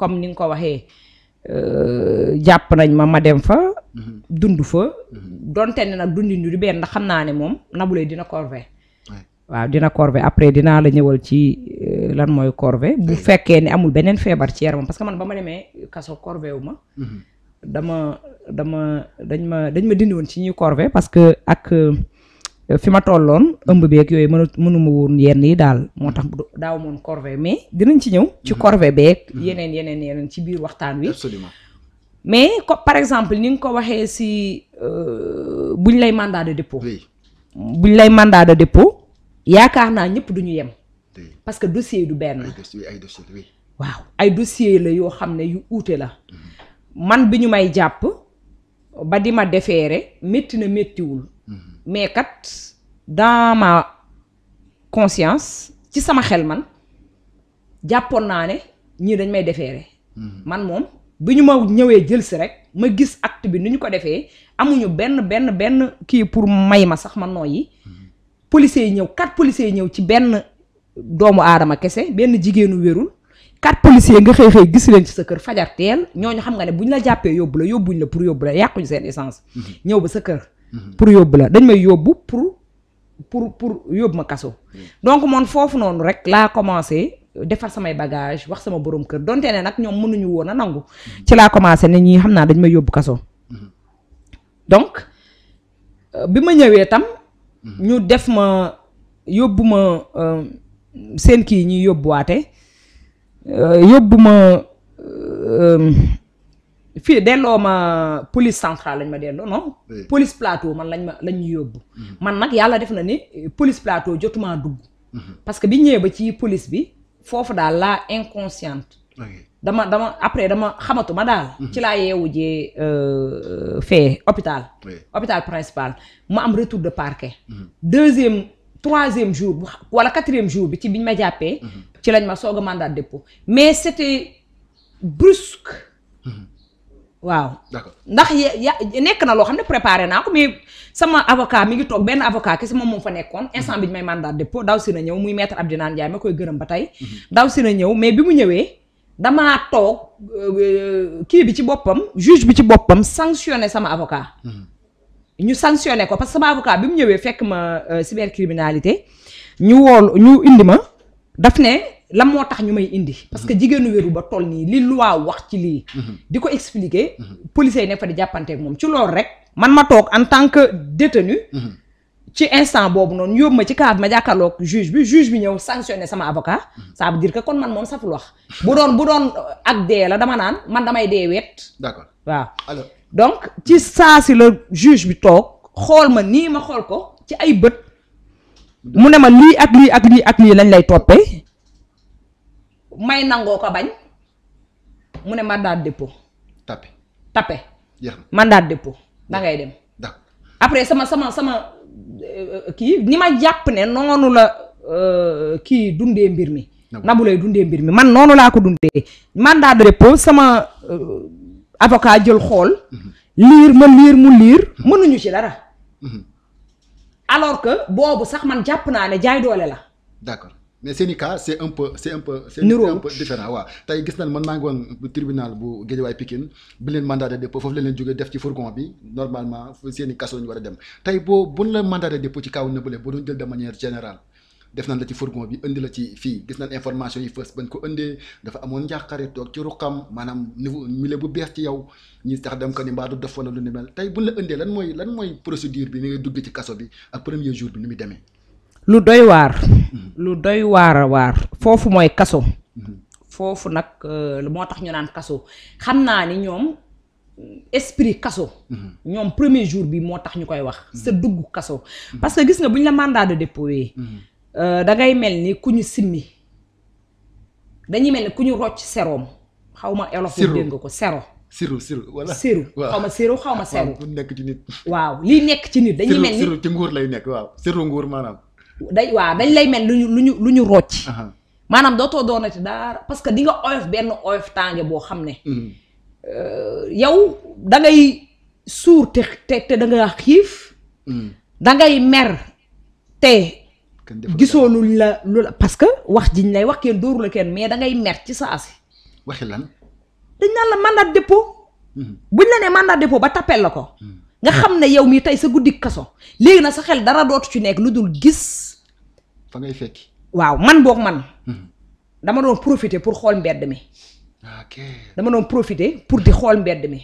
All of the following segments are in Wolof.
comme ni nga ko waxee euh, jàpp nañ ma ma dem fa. Mhm. dund fa. Mhm. donte ne nag dundin du benn ndax xam naa ne moom nabulay dina corvée. waaw dina corvé après dinaa la ñëwal ci euh, lan mooy corvée bu fekkee ni amul beneen feebar ci yaramam parce que man ba ma demee kaso corvée wu ma. Mhm. dama dañ ma dañ ma dindi woon ci ñuy corvée parce que ak. Euh, fi ma tolloon ëmb beeg yooyu mënu mënuma woon yenn yi daal moo tax daaw moon corvée mais dinañ ci ñëw ci mhm. corvée beeg mhm. yeneen yeneen yeneen ci biir waxtaan wi absolument mais ko par exemple ni nga ko waxee si euh, buñ lay mandat de dépôt buñ lay mandat de dépôt yaakaar naa ñëpp duñu yem parce que dossier du benn waaw ay dossier la yoo xam ne yu uute la mhm. man bi ñu may jàpp ba di ma defeere métti na méttiwul mais kat dans ma conscience ci sama xel man jàppoon naa ne ñii dañ may defeere mm-hmm. man moom bi ñu ma ñëwee jël si rek ma gis act bi ni ñu ko defee amuñu benn benn benn kii pour may ma sax ma nooyi mm-hmm. policiers yi ñëw quatre policiers yi ñëw ci benn doomu aadama kese benn jigéenu wérul quatre policiers nga xëy xëy gis leen ci sa kër fajar teel ñu xam nga ne bu ñu la jàppee yóbbu la yóbbuñ la pour yóbbu la yàquñu seen essence. Mm-hmm. ñëw ba sa kër Mhm. pour yóbbu la dañ may yóbbu pour pour pour yóbbu ma kaso. donc man foofu noonu rek laa commencé defar samay bagage wax sama borom kër donte ne ak ñoom mënuñu woon a nangu. Mhm. ci laa commencé ne ñii xam naa dañ may yóbbu kaso. Mhm. donc euh, bi ma ñëwee tam. ñu def ma yóbbu ma euh, seen kii ñuy yóbbuwaate euh, yóbbu ma. fii delloo ma police centrale lañ ma delloo non police plateau man lañ ma lañ ñu yóbbu mhm. man nag yàlla def na ni eh, police plateau jotumaa dugg mhm. parce que bi ñëwee ba ci police bi foofu daal la inconsciente dama dama après dama xamatu ma daal mhm. ci laa yeewu jee euh, euh, fee hôpital hôpital principal ma am retour de parquet deuxième troisième jour wala quatrième jour bi ci biñ ma jàppee ci lañ ma soog a mandat dépôt mais c'était brusque waaw ndax ya nekk na loo xam ne préparer naa ko mais sama avocat mi ngi toog benn avocat kese moom moom fa nekkoon mhm. instant bi ñu may mandat dépôt daw si na ñëw muy maître Abdinaan Ndiaye koy gërëm ba tey mhm. daw si na ñëw mais bi mu ñëwee damaa toog euh, euh, kii bi ci boppam juge bi ci boppam sanctionné sama avocat mhm. ñu sanctionné ko parce que sama avocat bi mu ñëwee fekk ma euh, cybercriminalité ñu wool ñu indi ma daf ne lan moo tax ñu may indi parce que jigéenu wéru ba toll nii li loi wax ci lii mhm. di ko expliquer mhm. policiers yi nekk fa di jàppanteek moom ci loolu rek man ma toog en tant que détenu mhm. ci instant boobu noonu yóbbu ma ci cas ma jàkkaarloog juge bi juge bi ñëw sanctionné sama avocat ça veut dire que kon man moom saful wax bu doon bu doon ak dee la dama naan man damay dee weet d'accord waaw donc ci saa si la juge bi toog xool ma nii ma xool ko ci ay bët mu ne ma lii ak lii ak lii ak lañ lay toppee may nangoo ko bañ mu ne mandat de dépôt. tapé tapé. jeex na dem. après sama sama sama euh, kii ni ma jàpp ne noonu la euh, kii dundee mbir mi. nabu lay dundee mbir mi man noonu laa ko dundee. mandat de dépôt sama euh, avocat jël xool. Mhm. liir ma liir mu liir mhm. mënuñu ci dara. Mhm. alors que boobu sax man jàpp naa ne jaay doole la. mais seen i cas c' est niroo c' est un gis nañ man maa ngi woon tribunal bu Guédiawaye Pikine bi leen mandat de dépôt foofu leen jógee def ci fourgon bi normalement seen i kaso la ñu war a dem tey boo buñ la mandat de dépôt de manière générale def bi indi la ci fii gis nañ information yi fës bañ ko indee dafa amoon njàqare toog ci ruqam bu bees ci yow ñi tax dem ko ni mbaa du def wala lu ni mel tey bu la indee lan mooy lan mooy procédure bi ni ngay dugg ci kaso bi ak premier jour bi ni muy demee. lu doy waar lu doy waar waar foofu mooy kaso foofu nag euh, moo tax ñu naan kaso xam naa ni ñoom esprit kaso ñoom premier jour bi moo tax ñu koy wax sa dugg kaso parce que gis na bu ñu la mandat de dépôt euh, dangay mel ni ku ñu simmi dañuy mel ni ku ñu rocc seroom xaw ma olof yi dégg ko sero siru siru wala siru xaw ma siru xaw ma seru nekk waaw lii nekk ci nit dañuy mel ni ci nguur lay nekk waaw siru nguur maanaam day waaw dañ lay mel lu ñu lu ñu lu ñu rocc. maanaam dootoo doonati daar parce que di nga oyof benn oyof tànge boo xam ne. Mhm. Euh, yow dangay ngay suur te te da xiif. Mhm. da ngay mer te. gisoo luñ la lu la parce que wax jiñ lay wax kenn dóoru la kenn mais da ngay mer ci sa waxi lan. dañ naan la mandat dépôt. Mhm. buñ la nee mandat dépôt ba tappel la ko. nga xam ne yow mii tey sa guddi kaso léegi na sa xel dara dootu ci nekk lu dul gis. fa ngay fekki. waaw man book man. Hmm. dama doon profité pour xool mbedd mi. dama doon profité pour di xool mbedd mi.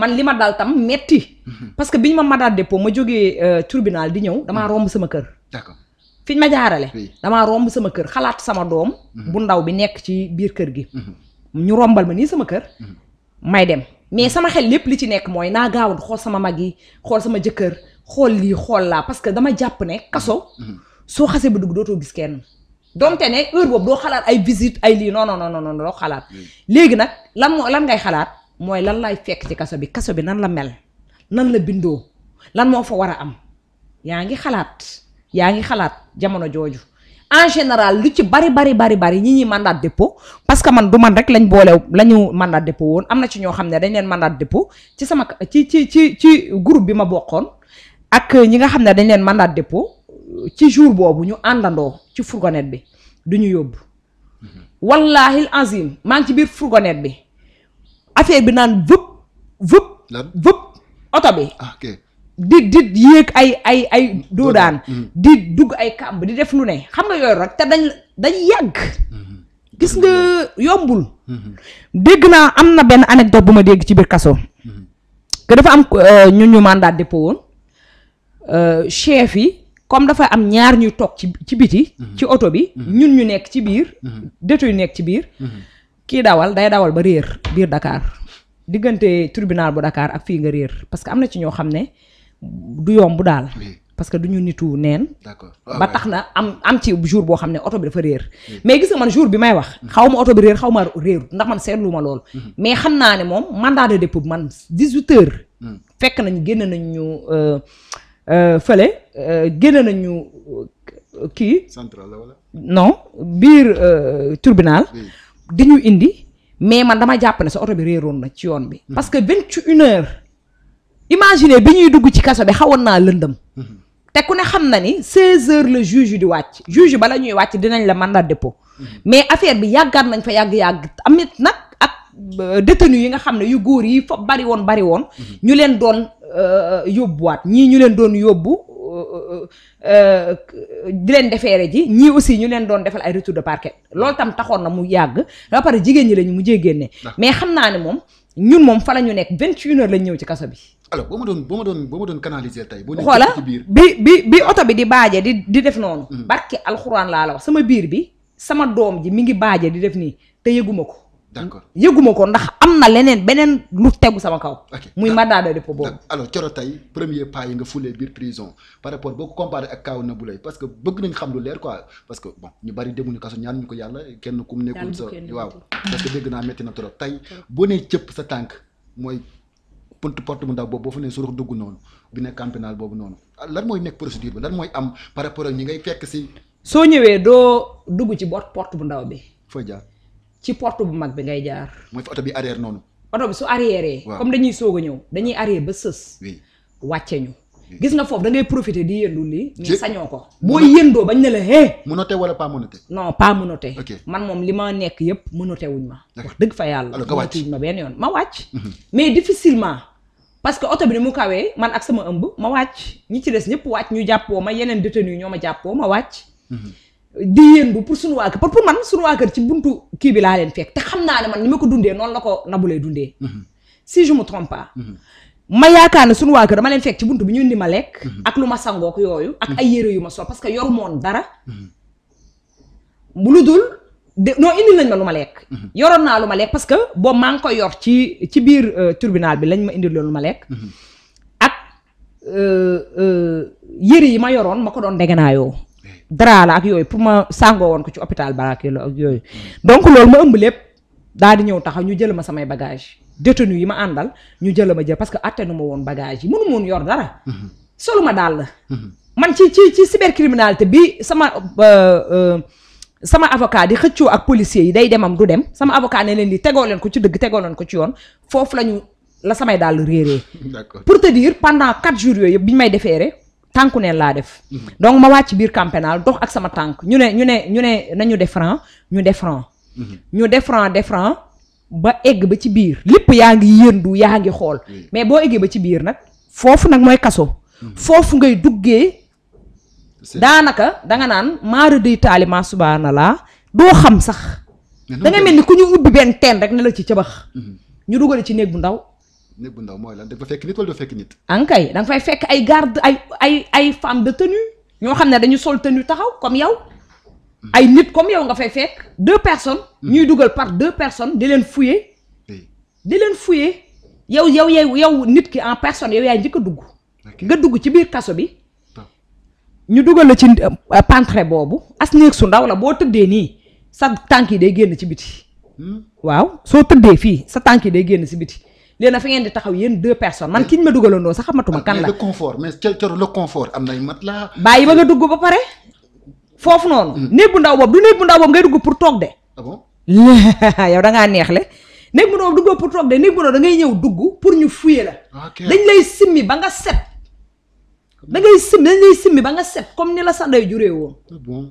man li ma dal tam metti hmm. parce que biñ ma mandat dépôt ma jógee euh, tribunal di ñëw damaa hmm. romb sama kër. d'accord fiñ ma jaarale. damaa romb sama kër xalaat sama doom. bu ndaw bi nekk ci biir kër gi. ñu rombal ma nii sama kër. may dem mais sama xel lépp li ci nekk mooy naa gaawoon xool sama mag yi xool sama jëkkër xool lii xool laa parce que dama jàpp ne kaso. soo xasee ba dugg dootoo gis kenn donte ne heure boobu doo xalaat ay visite ay lii non non non non doo xalaat. Mm. léegi nag lan moo lan ngay xalaat mooy lan lay fekk ci kaso bi kaso bi nan la mel nan la bindoo lan moo fa war a am yaa ngi xalaat yaa ngi xalaat jamono jooju. en général lu ci bari bari bari bari ñi ñuy mandat dépôt parce que man du man rek lañ boole la ñu mandat dépôt woon am na ci ñoo xam ne dañ leen mandat dépôt ci sama ci ci ci ci groupe bi ma bokkoon ak ñi nga xam ne dañ leen mandat dépôt ci jour boobu ñu àndandoo ci fourgonnette bi du ñu yóbbu wallaahi azim maa ngi ci biir fourgonnette bi affaire bi naan vëpp vëpp vëpp oto bi ah, di di yéeg ay ay ay doodaan mm-hmm. di dugg ay kàmb di def lu ne xam nga yooyu rek te dañ dañ yàgg mm-hmm. gis nga mm-hmm. yombul dégg naa am na benn anecdote bu ma dégg ci biir kaso que dafa am euh, ñu ñu mandat dépôt woon euh, chef yi comme dafa am ñaar ñuy toog ci ci biti. Mhm. ci oto bi. Mhm. ñun ñu nekk ci biir. Mhm. détenu nekk ci biir. kii dawal day dawal ba réer biir dakaar diggante tribunal bu dakaar ak fii nga réer parce que am na ci ñoo xam ne du yombu daal. parce que du ñu nitu neen. d'accord ah ba tax na am am ci jour boo xam ne oto bi dafa réer. mais gis man jour bi may wax. xaw ma oto bi réer xaw ma réeru ndax man seetlu ma lool mais xam naa ne moom mandat de dépôt man 18 heures. fekk nañ génn nañ ñu. Euh, Euh, fële euh, génne nañu euh, kii. central la wala. non biir tribunal. di ñu indi mais man dama jàpp ne sa oto bi réeroon na ci yoon bi. Mm-hmm. parce que vingt et une heures. imaginez bi ñuy dugg ci kaso bi xawoon naa lëndëm. Mm-hmm. te ku ne xam na ni 16 heures le juge di wàcc juge bala ñuy wàcc dinañ la mandat dépôt. Mm-hmm. mais affaire bi yàggaat nañ fa yàgg-yàgg amit nag Euh, détenu yi nga xam ne yu góor yi fa bari woon bari woon mhm. ñu leen doon euh, yóbbuwaat ñii ñu leen doon yóbbu euh, di leen defeere ji ñii aussi ñu leen doon defal ay retour de parquet loolu tam taxoon na mu yàgg ba pare jigéen ñi lañu mujjee génne mais xam naa ne moom ñun moom fa la ñu nekk vingt une heures lañ ñëw ci kaso bi alors boo doon boo ma doon boo ma doon canaliser tey boo xoola bi bi bi oto bi di baajee di di def noonu mhm. barke alxuraan laa la wax sama biir bi sama doom ji mi ngi baajee di def nii te yëguma ko d'accord yëguma ko ndax am na leneen beneen lu tegu sama kaw. muy mandat de dépôt boobu. alors Thioro tey premier pas yi nga fulee biir prison par rapport boo ko comparé ak kaw Nabou Leye parce que bëgg nañ xam lu leer que bon ñu bari demuñu kaso ko yàlla kenn kum nekkul na trop tey boo nee sa tànk mooy porte porte mu ndaw boobu boo fa ne surux dugg noonu bi ne camp pénal boobu noonu lan mooy nekk procédure bi lan mooy am par rapport ak ñi ngay fekk si. soo ñëwee doo dugg ci port bu ndaw bi. fooy jaar. ci porte bu mag bi ngay jaar. mooy fi oto bi arrière noonu. oto bi su arrière. comme dañuy soog a ñëw dañuy arrière ba sës. wàcce ñu. gis nga foofu da ngay profiter di yëndu li mais sañoo ko. boo yëndoo bañ ne la hee. mënoote wala pas mënoote. non pas mënoote. man moom li ma nekk yëpp mënoote wuñ ma. wax dëgg fa yàlla. alors mënoote wuñ ma benn yoon ma wàcc. Mhm. mais difficilement. parce que oto bi ni mu kawee man ak sama ëmb ma wàcc ñi ci des ñëpp wàcc ñu jàppoo ma yeneen détenu ñoo ma jàppoo ma wàcc. Mhm. di yëngu pour suñu waa kër pour man suñu ci buntu kii bi laa leen fekk te xam naa ne man ni ma ko dundee noonu la ko Nabou lay dundee. Mhm. si je me trompe pas. Mhm. ma yaakaar ne suñu waa kër dama leen fekk ci buntu bi ñu indi ma lekk. Mhm. ak lu ma sangook yooyu. ak ay yére yu ma sol parce que yoru moon dara. lu dul de non nañ ma lu ma lekk. yoroon naa lu ma lekk parce que boobu maa ngi koy yor ci ci biir euh, tribunal bi lañ ma indil loolu ma lekk. ak euh, euh, yére yi ma yoroon ma ko doon deganaayoo. dara la ak yooyu pour ma sàngoo woon ko ci hôpital Barake la ak yooyu donc loolu ma ëmb lépp daal di ñëw taxaw ñu jël ma samay bagage détenu yi ma àndal ñu jël ma jël parce que attenu ma woon bagage yi mënu moon yor dara mhm. solu ma daal la mhm. man ci ci ci cybercriminalité bi sama euh, euh, sama avocat di ak policier yi day demam du dem sama avocat ne leen di tegoo leen ko ci dëgg tegoo leen ko ci yoon foofu la ñu la samay daal réeree. d'accord pour te dire pendant quatre jours yooyu yëpp bi ñu may defeere tànku neen laa def. Mhm. donc ma wàcc biir camp dox ak sama tànk ñu ne ñu ne ñu ne nañu def ñu def franc. Mhm. ñu def ba egg ba ci biir lépp yaa ngi yëndu yaa ngi xool mais boo eggee ba ci biir nag foofu nag mooy kaso. Mhm. foofu ngay duggee. daanaka danga naan maara day taali maa subaana laa doo xam sax. da nga mel ni ku ñu ubbi benn teen rek ne la ci cabax. ñu dugal ci néeg bu ndaw. néeg ndaw mooy lan da nga fa fekk nit wala doo fekk nit. ankay da fay fekk ay garde ay ay ay femme de tenu ñoo xam ne dañu sol tenue taxaw comme yow. Hmm. ay nit comme yow nga fay fekk deux personnes. Hmm. ñuy dugal par deux personnes di leen fouiller. di leen fouiller yow yow yow yow nit ki en personne yow yaay njëkk a dugg. nga dugg ci biir kaso bi. ñu dugal la ci euh, pantre boobu as néeg ndaw la boo tëddee nii sa tànk yi day génn ci biti. Hmm? waaw soo tëddee fii sa tànk yi day génn ci biti. léegi nag ngeen di taxaw yéen deux personnes man kiñ ma dugalandoo sax xamatuma kan la le confort mais coro le confort am nay mat la bàyyi ba nga dugg ba pare foofu noonu mm. néeg bu ndaw boobu du néeg bu ndaw boobu ngay dugg pour toog de ah yow neexle néeg bu ndaw duggoo pour toog de néeg da ngay ñëw dugg pour ñu fuye la dañ lay simmi ba nga set da ngay simmi dañ lay simmi ba nga set comme ni la sa ndey juree woon ah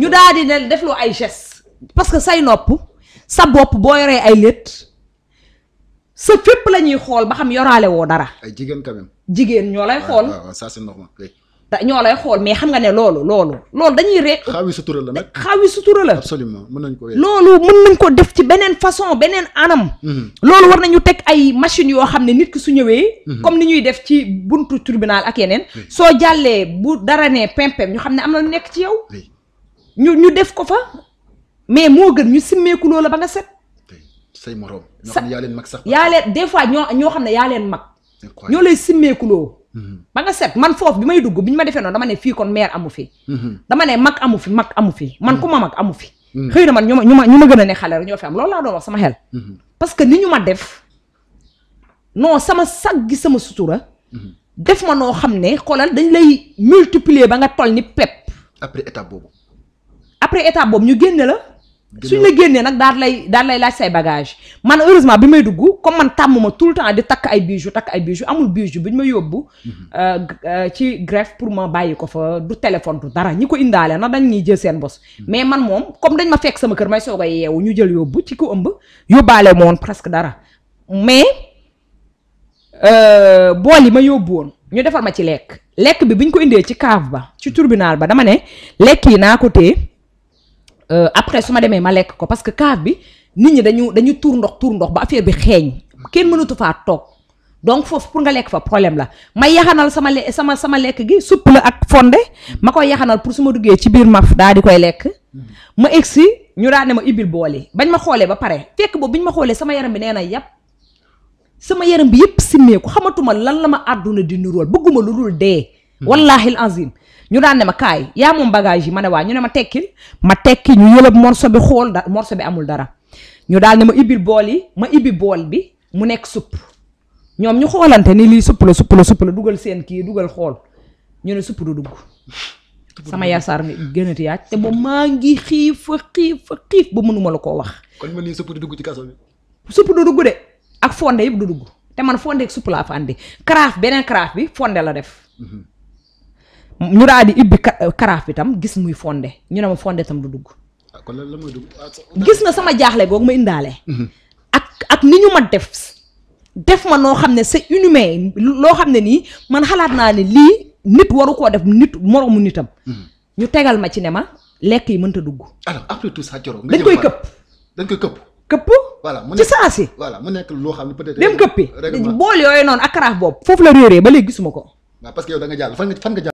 ñu daal di ne def lu ay geste parce que say nopp sa bopp boo yoree ay létt sa fépp la ñuy xool ba xam yoraale woo dara. jigéen quand jigéen ñoo lay ah, xool waaw ah, ah, ça c'est normal ñoo lay xool mais xam nga ne loolu loolu. loolu dañuy rek. xaawi sutura la nag xaawi sutura la. absolument mën nañ ko loolu mën nañ ko def ci beneen façon beneen anam. Mhm. loolu war nañu teg ay machines yoo xam ne nit ki su ñëwee. Mhm. comme ni ñuy def ci buntu tribunal ak yeneen. soo jàllee bu dara ne pimpem ñu xam ne am na lu nekk ci yow. ñu ñu def ko fa mais moo gën ñu simmeeku loola ba nga set. say morom. ñoo xam ne yaa leen mag sax. yaa leen des fois ñoo ñoo xam ne yaa leen mag. ñoo lay simmeekuloo. Mm-hmm. ba nga set man foofu bi may dugg bi ñu ma defee noonu dama ne fii kon mère amu fi. Mm-hmm. dama ne mag amu fi mag amu fi man ku mm-hmm. ma mag amu fi. xëy na man ñu ma ñu ma ñu ma gën a ne xale rek ñoo fi am loolu laa doon wax sama xel. parce que ni ñu ma def non sama sag gi sama sutura. def ma noo xam ne xoolal dañ lay multiplier ba nga toll ni pepp. après étape boobu. après boobu ñu génne la. suñ la génnee nag daal lay daal lay laaj say bagage man heureusement bi may dugg comme man tàmm ma tout le temps di takk ay bijoux takk ay bijoux amul bijoux bi ñu ma yóbbu. Mhm. Euh, euh, ci greffe pour ma bàyyi ko fa du téléphone du dara ñi ko indaale na dañ ñuy jël seen bos. Mhm. mais man moom comme dañ ma fekk sama kër may soo a yeewu ñu jël yóbbu ci ko ëmb yóbbaale ma woon presque dara mais euh, bool yi ma yóbbu woon ñu defal ma ci lekk lekk bi bi ñu ko indee ci cave ba ci tribunal ba dama ne lekk yi naa ko Euh, après su ma demee ma lekk ko parce que kaaf bi nit ñi dañu dañu tuur ndox tuur ndox ba affaire bi xeeñ kenn mënatu faa toog donc foofu pour nga lekk fa problème la ma yaxanal sama sama sama lekk gi supp la ak fonde ma koy yaxanal pour su ma duggee ci biir maf daa di koy lekk ma egsi ñu daan ne ma ibil boole bañ ma xoolee ba pare fekk boobu bi ñu ma xoolee sama yaram bi nee na yàpp sama yaram bi yëpp simmeeku xamatuma lan la ma àdduna di nurool bëgguma lu dul dee hmm. wallaahi al azim ñu daan ne ma kaay yaa moom bagage yi ma ne waa ñu ne ma tekki ma tekki ñu yëlëb morso bi xool da morso bi amul dara ñu daal ne ma ibbil bool yi ma ibbi bool bi mu nekk supp ñoom ñu xoolante ni lii supp la supp la la dugal seen kii dugal xool ñu ne supp dugg sama yasaar mi gënati te ba maa ngi xiif xiif xiif ba mënuma la koo wax kon ma nii supp dugg ci kaso bi supp du dugg de ak fonde yëpp du dugg te man fonde ak supp laa fa andi karaaf beneen karaaf bi fonde la def mhm. ñu daal di ibbi karaaf bi tam gis muy fonde ñu ne ma fonde tam du dugg. Ah, kon lan la muy dugg ah, gis nga sama jaaxle googu ma indaale. ak ak ni ñu ma def. def ma noo xam ne c'est inhumain loo xam ne nii man xalaat naa ne lii nit waru koo def nit moroomu nitam. ñu tegal ma ci ne ma lekk yi mënta dugg. alors après tout ça Thioro dañ koy këpp dañ koy këpp. ci saa si. loo xam ne peut dem këppi bool yooyu noonu ak karaaf boobu. foofu la réeree ba léegi gisuma ko.